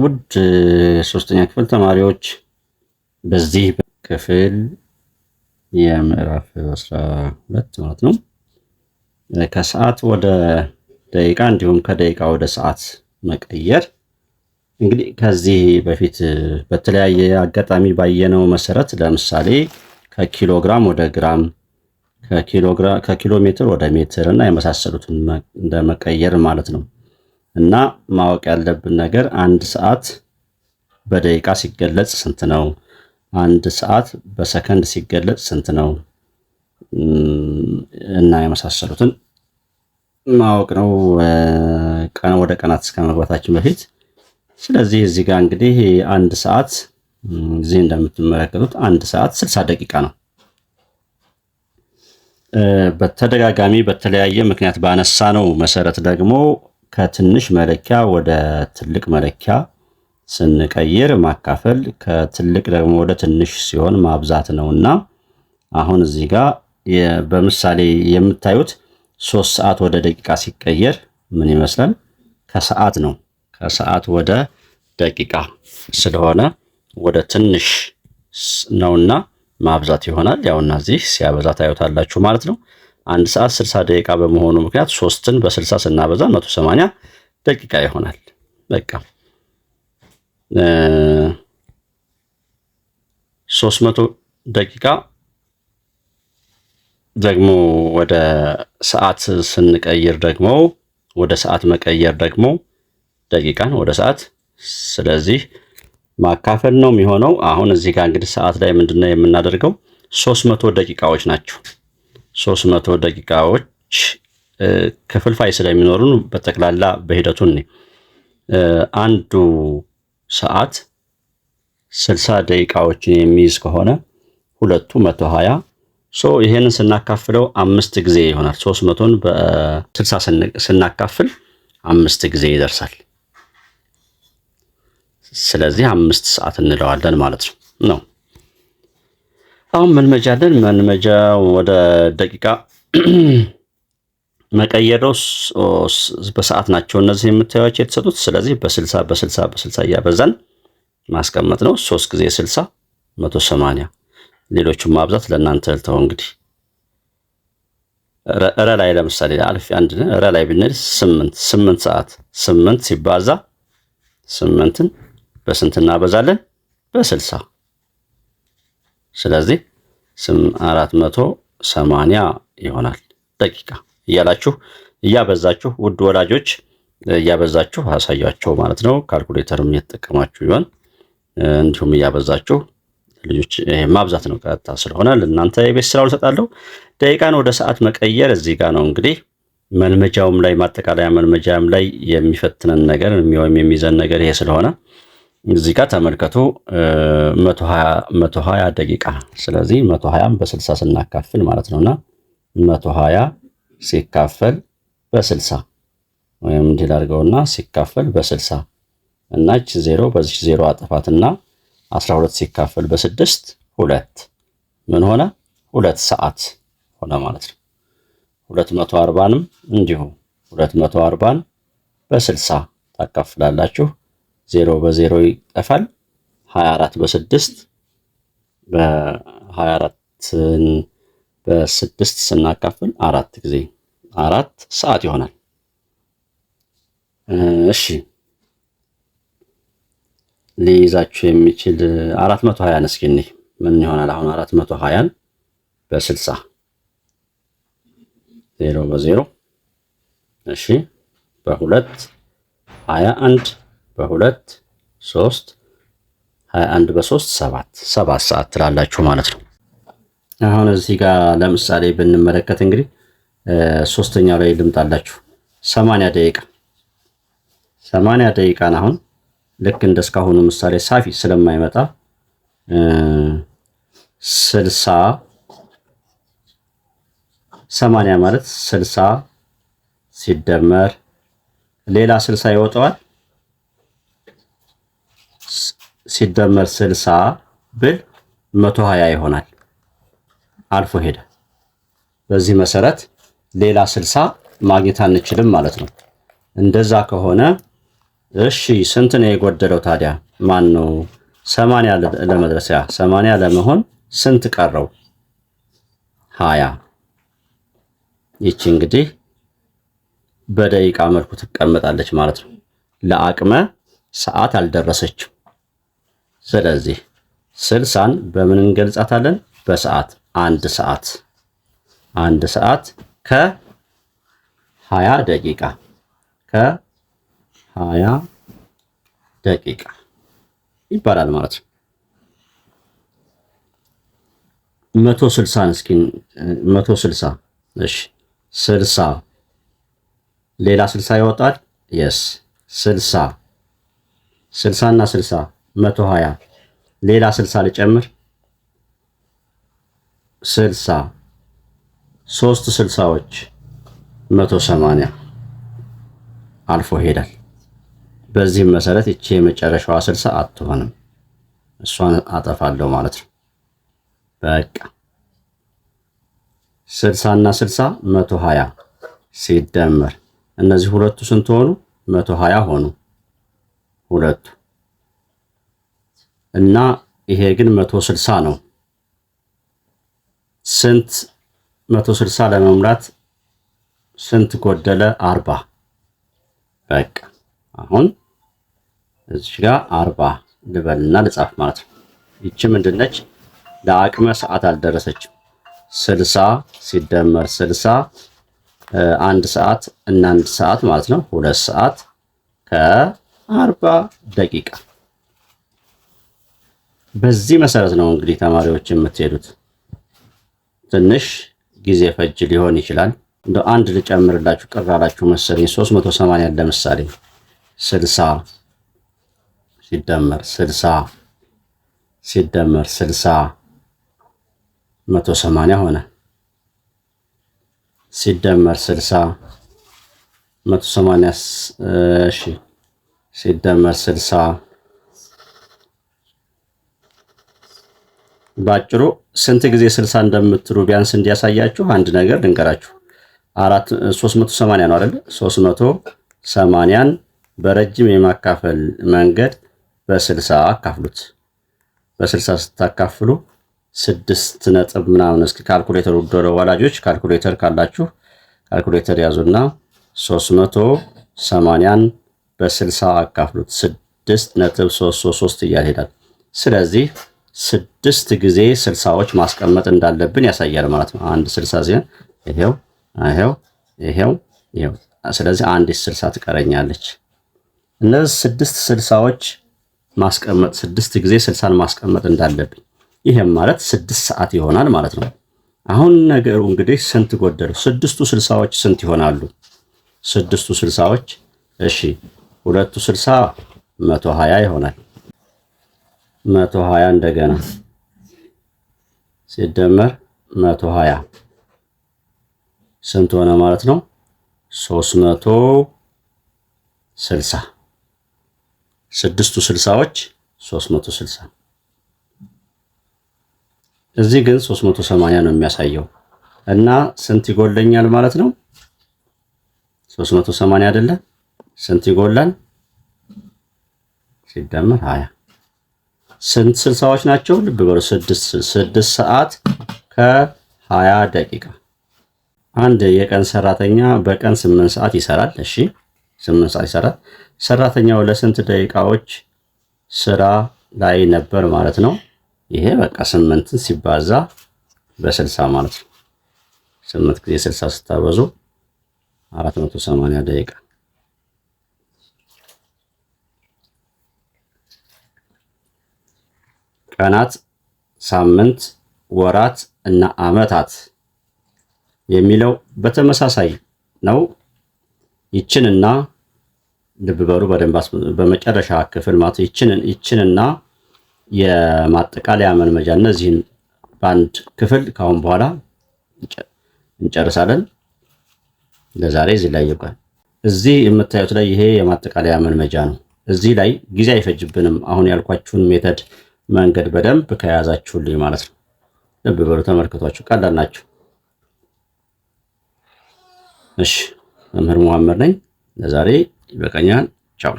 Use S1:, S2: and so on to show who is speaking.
S1: ውድ ሶስተኛ ክፍል ተማሪዎች በዚህ ክፍል የምዕራፍ አስራ ሁለት ማለት ነው ከሰዓት ወደ ደቂቃ እንዲሁም ከደቂቃ ወደ ሰዓት መቀየር እንግዲህ ከዚህ በፊት በተለያየ አጋጣሚ ባየነው መሰረት ለምሳሌ ከኪሎግራም ወደ ግራም ከኪሎ ሜትር ወደ ሜትር እና የመሳሰሉትን እንደመቀየር መቀየር ማለት ነው። እና ማወቅ ያለብን ነገር አንድ ሰዓት በደቂቃ ሲገለጽ ስንት ነው? አንድ ሰዓት በሰከንድ ሲገለጽ ስንት ነው? እና የመሳሰሉትን ማወቅ ነው ወደ ቀናት እስከ መግባታችን በፊት። ስለዚህ እዚህ ጋር እንግዲህ አንድ ሰዓት እዚህ እንደምትመለከቱት አንድ ሰዓት ስልሳ ደቂቃ ነው። በተደጋጋሚ በተለያየ ምክንያት ባነሳ ነው መሰረት ደግሞ ከትንሽ መለኪያ ወደ ትልቅ መለኪያ ስንቀይር ማካፈል ከትልቅ ደግሞ ወደ ትንሽ ሲሆን ማብዛት ነውና አሁን እዚህ ጋር በምሳሌ የምታዩት ሶስት ሰዓት ወደ ደቂቃ ሲቀየር ምን ይመስላል? ከሰዓት ነው። ከሰዓት ወደ ደቂቃ ስለሆነ ወደ ትንሽ ነውና ማብዛት ይሆናል። ያውና እዚህ ሲያበዛ ታዩታላችሁ ማለት ነው። አንድ ሰዓት 60 ደቂቃ በመሆኑ ምክንያት ሶስትን በ60 ስናበዛ 180 ደቂቃ ይሆናል። በቃ 300 ደቂቃ ደግሞ ወደ ሰዓት ስንቀይር ደግሞ ወደ ሰዓት መቀየር ደግሞ ደቂቃን ወደ ሰዓት ስለዚህ ማካፈል ነው የሚሆነው። አሁን እዚህ ጋር እንግዲህ ሰዓት ላይ ምንድነው የምናደርገው? 300 ደቂቃዎች ናቸው። ሶስት መቶ ደቂቃዎች ክፍልፋይ ስለሚኖሩን በጠቅላላ በሂደቱን አንዱ ሰዓት 60 ደቂቃዎችን የሚይዝ ከሆነ ሁለቱ ሀያ ሶ ይሄንን ስናካፍለው አምስት ጊዜ ይሆናል ሶስት መቶን በስልሳ ስናካፍል አምስት ጊዜ ይደርሳል። ስለዚህ አምስት ሰዓት እንለዋለን ማለት ነው ነው አሁን መልመጃ አለን። መልመጃ ወደ ደቂቃ መቀየረው በሰዓት ናቸው እነዚህ የምታዩቸው የተሰጡት። ስለዚህ በስልሳ በስልሳ በስልሳ እያበዛን ማስቀመጥ ነው። ሶስት ጊዜ ስልሳ መቶ ሰማንያ ሌሎቹን ማብዛት ለእናንተ ልተው እንግዲህ ረ ላይ ለምሳሌ አልፍ አንድ ረ ላይ ብንል ስምንት ስምንት ሰዓት ስምንት ሲባዛ ስምንትን በስንት እናበዛለን? በስልሳ ስለዚህ አራት መቶ ሰማንያ ይሆናል ደቂቃ እያላችሁ እያበዛችሁ ውድ ወላጆች እያበዛችሁ አሳያቸው ማለት ነው። ካልኩሌተርም እየተጠቀማችሁ ይሆን እንዲሁም እያበዛችሁ ልጆች ማብዛት ነው ቀጥታ ስለሆነ ለእናንተ የቤት ስራው ልሰጣለሁ። ደቂቃን ወደ ሰዓት መቀየር እዚህ ጋር ነው እንግዲህ መልመጃውም ላይ ማጠቃለያ መልመጃም ላይ የሚፈትነን ነገር ወይም የሚይዘን ነገር ይሄ ስለሆነ እዚህ ጋር ተመልከቱ 120 ደቂቃ። ስለዚህ 120 በ60 ስናካፍል ማለት ነውና 120 ሲካፈል በ60 ወይም እንዲህ ላድርገውና ሲካፈል በ60 እናች 0 በዚህ 0 አጥፋትና 12 ሲካፈል በ6 2 ምን ሆነ? 2 ሰዓት ሆነ ማለት ነው። 240ንም እንዲሁ 240ን በ60 ታካፍላላችሁ ዜሮ በዜሮ ይጠፋል። 24 በስድስት በ 24 በስድስት ስናካፍል አራት ጊዜ አራት ሰዓት ይሆናል። እሺ ሊይዛችሁ የሚችል 420 እስኪ እንይ ምን ይሆናል? አሁን 420ን በ60 ዜሮ በዜሮ እሺ በሁለት 21 በሁለት ሶስት ሀያ አንድ በሶስት ሰባት ሰባት ሰዓት ትላላችሁ ማለት ነው። አሁን እዚህ ጋር ለምሳሌ ብንመለከት እንግዲህ ሶስተኛው ላይ ልምጣላችሁ። ሰማንያ ደቂቃ ሰማንያ ደቂቃን አሁን ልክ እንደ እስካሁኑ ምሳሌ ሳፊ ስለማይመጣ ስልሳ ሰማንያ ማለት ስልሳ ሲደመር ሌላ ስልሳ ይወጣዋል ሲደመር ስልሳ ብል 120 ይሆናል። አልፎ ሄደ። በዚህ መሰረት ሌላ ስልሳ ማግኘት አንችልም ማለት ነው። እንደዛ ከሆነ እሺ ስንት ነው የጎደለው ታዲያ? ማን ነው 80 ለመድረስ 80 ለመሆን ስንት ቀረው? 20 ይቺ እንግዲህ በደቂቃ መልኩ ትቀመጣለች ማለት ነው። ለአቅመ ሰዓት አልደረሰችም። ስለዚህ ስልሳን በምን እንገልጻታለን? በሰዓት አንድ ሰዓት አንድ ሰዓት ከሀያ ደቂቃ ከሀያ ደቂቃ ይባላል ማለት ነው። መቶ ስልሳን እስኪ መቶ ስልሳ እሺ፣ ስልሳ ሌላ ስልሳ ይወጣል። የስ ስልሳ ስልሳ እና ስልሳ መቶ ሀያ ሌላ ስልሳ ልጨምር ስልሳ ሶስት ስልሳዎች መቶ ሰማንያ አልፎ ሄዳል። በዚህም መሰረት ይቺ የመጨረሻዋ ስልሳ አትሆንም። እሷን አጠፋለሁ ማለት ነው። በቃ ስልሳ እና ስልሳ መቶ ሀያ ሲደመር እነዚህ ሁለቱ ስንት ሆኑ? መቶ ሀያ ሆኑ ሁለቱ እና ይሄ ግን 160 ነው። ስንት መቶ ስልሳ ለመምራት ስንት ጎደለ? አርባ በቃ አሁን እዚህ ጋር አርባ ልበልና ልጻፍ ማለት ነው። ይቺ ምንድነች? ለአቅመ ሰዓት አልደረሰችም። 60 ሲደመር 60 አንድ ሰዓት እና አንድ ሰዓት ማለት ነው ሁለት ሰዓት ከአርባ ደቂቃ በዚህ መሰረት ነው እንግዲህ ተማሪዎች የምትሄዱት። ትንሽ ጊዜ ፈጅ ሊሆን ይችላል። እንደ አንድ ልጨምርላችሁ ቅር አላችሁ መሰለኝ። 380 ለምሳሌ 60 ሲደመር 60 ሲደመር 60 180 ሆነ። ሲደመር 60 180 እሺ ሲደመር 60 በአጭሩ ስንት ጊዜ ስልሳ እንደምትሉ ቢያንስ እንዲያሳያችሁ አንድ ነገር ልንገራችሁ። አራት ሶስት መቶ ሰማንያ ነው አይደል? ሶስት መቶ ሰማንያን በረጅም የማካፈል መንገድ በስልሳ አካፍሉት። በስልሳ ስታካፍሉ ስድስት ነጥብ ምናምን። እስኪ ካልኩሌተር ውደረ ወላጆች ካልኩሌተር ካላችሁ ካልኩሌተር ያዙና ሶስት መቶ ሰማንያን በስልሳ አካፍሉት ስድስት ነጥብ ሶስት ሶስት ስለዚህ ስድስት ጊዜ ስልሳዎች ማስቀመጥ እንዳለብን ያሳያል ማለት ነው። አንድ ስልሳ ሲሆን ይሄው ይሄው ይሄው ይሄው። ስለዚህ አንድ ስልሳ ትቀረኛለች። እነዚህ ስድስት ስልሳዎች ማስቀመጥ ስድስት ጊዜ ስልሳን ማስቀመጥ እንዳለብኝ ይሄም ማለት ስድስት ሰዓት ይሆናል ማለት ነው። አሁን ነገሩ እንግዲህ ስንት ጎደሉ? ስድስቱ ስልሳዎች ስንት ይሆናሉ? ስድስቱ ስልሳዎች እሺ፣ ሁለቱ ስልሳ መቶ ሀያ ይሆናል። መቶ ሀያ እንደገና ሲደመር መቶ ሀያ ስንት ሆነ ማለት ነው? ሶስት መቶ ስልሳ ስድስቱ ስልሳዎች ሶስት መቶ ስልሳ እዚህ ግን ሶስት መቶ ሰማንያ ነው የሚያሳየው እና ስንት ይጎለኛል ማለት ነው? ሶስት መቶ ሰማንያ አይደለ? ስንት ይጎላል ሲደመር ሀያ ስንት ስልሳዎች ናቸው? ልብ በሉ ስድስት ስድስት ሰዓት ከሀያ ደቂቃ። አንድ የቀን ሰራተኛ በቀን ስምንት ሰዓት ይሰራል። እሺ ስምንት ሰዓት ይሰራል። ሰራተኛው ለስንት ደቂቃዎች ስራ ላይ ነበር ማለት ነው? ይሄ በቃ ስምንትን ሲባዛ በስልሳ ማለት ነው። ስምንት ጊዜ ስልሳ ስታበዙ አራት መቶ ሰማንያ ደቂቃ ቀናት፣ ሳምንት፣ ወራት እና ዓመታት የሚለው በተመሳሳይ ነው። ይችንና ልብ በሉ በደንብ በመጨረሻ ክፍል ማለት ይችንና የማጠቃለያ መልመጃ እነዚህን በአንድ ክፍል ካሁን በኋላ እንጨርሳለን። ለዛሬ እዚህ ላይ ይብቃል። እዚህ የምታዩት ላይ ይሄ የማጠቃለያ መልመጃ ነው። እዚህ ላይ ጊዜ አይፈጅብንም። አሁን ያልኳችሁን ሜተድ መንገድ በደንብ ከያዛችሁልኝ ማለት ነው። ልብ በሉ ተመልከቷችሁ፣ ቀላል ናቸው። እሺ መምህር መሐመድ ነኝ። ለዛሬ ይበቃኛል። ቻው